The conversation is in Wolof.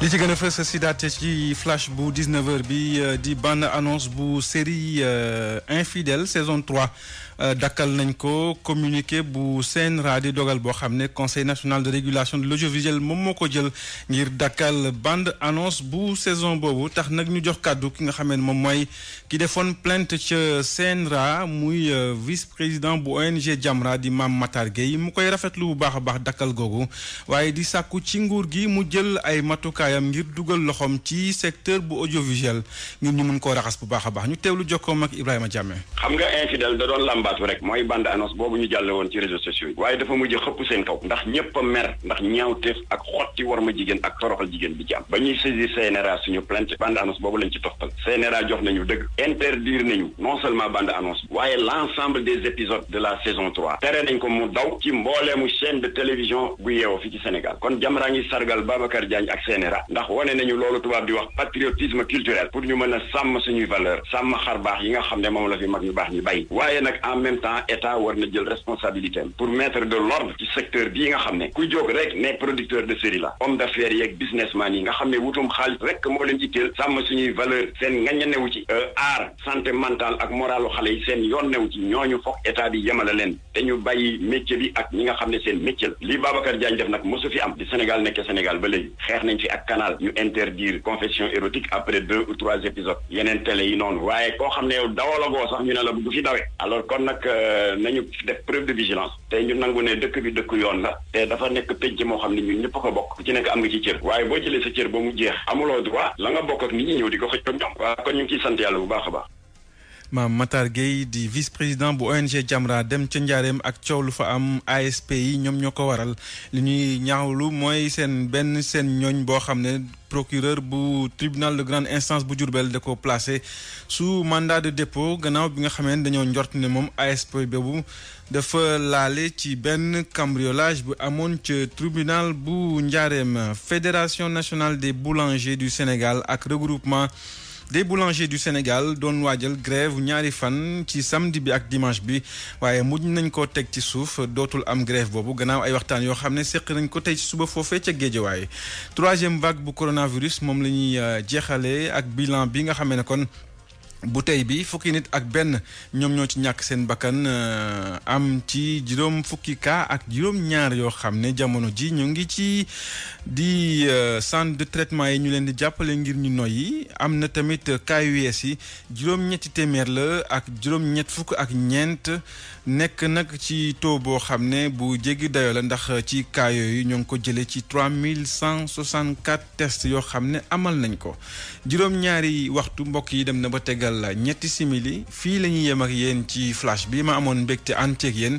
li ci gën a fës si daate ci flash bu 19 bi euh, di bande annonce bu série euh, infidèle saison 3 euh, dakkal nañ ko communiqué bu CNRA di dogal boo xam ne conseil national de régulation de l'audiovisuel moom moo ko jël ngir dakkal bande annonce bu saison boobu tax nag ñu jox kàddu ki nga xam ne moom mooy ki defoon plainte ca CNRA muy vice président bu ONG Jamra di maam Matar yi mu koy rafetlu bu baax a baax dakkal googu waaye di sàkku ci nguur gi mu taxawaayam ngir dugal loxoom ci secteur bu audiovisuel ngir ñu mun koo raxas bu baax a baax ñu teewlu jokkoom ak Ibrahima Diame. xam nga infidèle da doon làmbaatu rek mooy bande annonce boobu ñu jàlle woon ci réseaux sociaux yi waaye dafa mujj xëpp seen kaw ndax ñëpp a mer ndax ñaawteef ak xotti war ma jigéen ak toroxal jigéen bi ci am ba ñuy saisir CNRA suñu plainte bande annonce boobu lañ ci toxtal CNRA jox nañu dëgg interdire nañu non seulement band annonce waaye l'ensemble des épisodes de la saison trois tere nañ ko mu daw ci mbooleemu chaîne bu yeewoo fi ci Sénégal kon Jamra ngi sargal Babacar Diagne ak CNRA ndax wane nañu loolu tubaab di wax patriotisme culturel pour ñu mën a sàmm suñuy valeur sàmm xar baax yi nga xam ne moom la fi mag ñu baax ñu bay waaye nag en même temps état war na jël responsabilité pour mettre de l'ordre ci secteur bi nga xam ne ku jóg rek ne producteur de série la homme d'affaires yeeg businessman yi nga xam ne wutum xaalis rek moo leen itteel sàmm suñuy valeur seen ngaña newu ci aar euh, santé mentale ak moralu xale yi seen yoon newu ci ñooñu foog état bi yemale leen te ñu bàyyi métier bi ak ñi nga xam ne seen métier la li Babacar Diagne def nag mosu fi am di Sénégal nekk Sénégal ba léegi xeex nañ fi ak canal ñu interdire confession érotique après deux ou trois épisodes yeneen télé yi noonu waaye koo xam ne yow dawalagoo sax ñu ne la bu fi dawee alors kon nag euh, nañu def preuve de vigilance te ñu nangu ne dëkk bi dëkk yoon la te dafa nekk pénc moo xam ne ñun ñëpp ko bokk ku ci nekk am nga ci cër waaye boo jëlee sa cër ba mu jeex nga bokk ak ñëw di kon ñu ngi ciy sant bu baax a baax maam Matar Gueye di vice président bu ONG Jamra dem ca njaareem ak coow lu fa am ASP yi ñoom ñoo ko waral li ñuy ñaawlu mooy seen benn seen ñooñ boo xam ne procureur bu tribunal de grande instance bu Diourbel da ko placé su mandat de dépôt gannaaw bi nga xamee ne dañoo njort ne moom ASP boobu dafa laale ci benn cambriolage bi amoon ca tribunal bu njaareem fédération nationale des boulangers du Sénégal ak regroupement des boulangers du Sénégal doon waajal grève ñaari fan ci samedi bi ak dimanche bi waaye mujj nañ ko teg ci suuf dootul am grève boobu gannaaw ay waxtaan yoo xam ne seq nañ ko tey ci suba foofee ca Géejawaay troisième vague bu coronavirus moom lañuy ñuy euh, jeexalee ak bilan bi nga xamee ne kon. bu tey bi fukki nit ak benn ñoom ñoo ci ñàkk seen bakkan euh, am ci juróom fukki kaa ak juróom-ñaar yoo xam ne jamono ji ñu ngi ci di euh, centre de traitement yi ñu leen di jàppale ngir ñu yi am na tamit cas yees yi juróom-ñetti téeméer la ak juróom-ñett fukk ak ñeent nekk nag ci taux boo xam ne bu jéggi dayoo la ndax ci cas yooyu ñoo ngi ko jëlee ci 3164 tests yoo xam ne amal nañ ko juróom-ñaari waxtu mbokk yi dem na ba tegal tegal ñetti simili fii la ñuy yem ak yéen ci flash bi ma amoon mbégte ànd ak yéen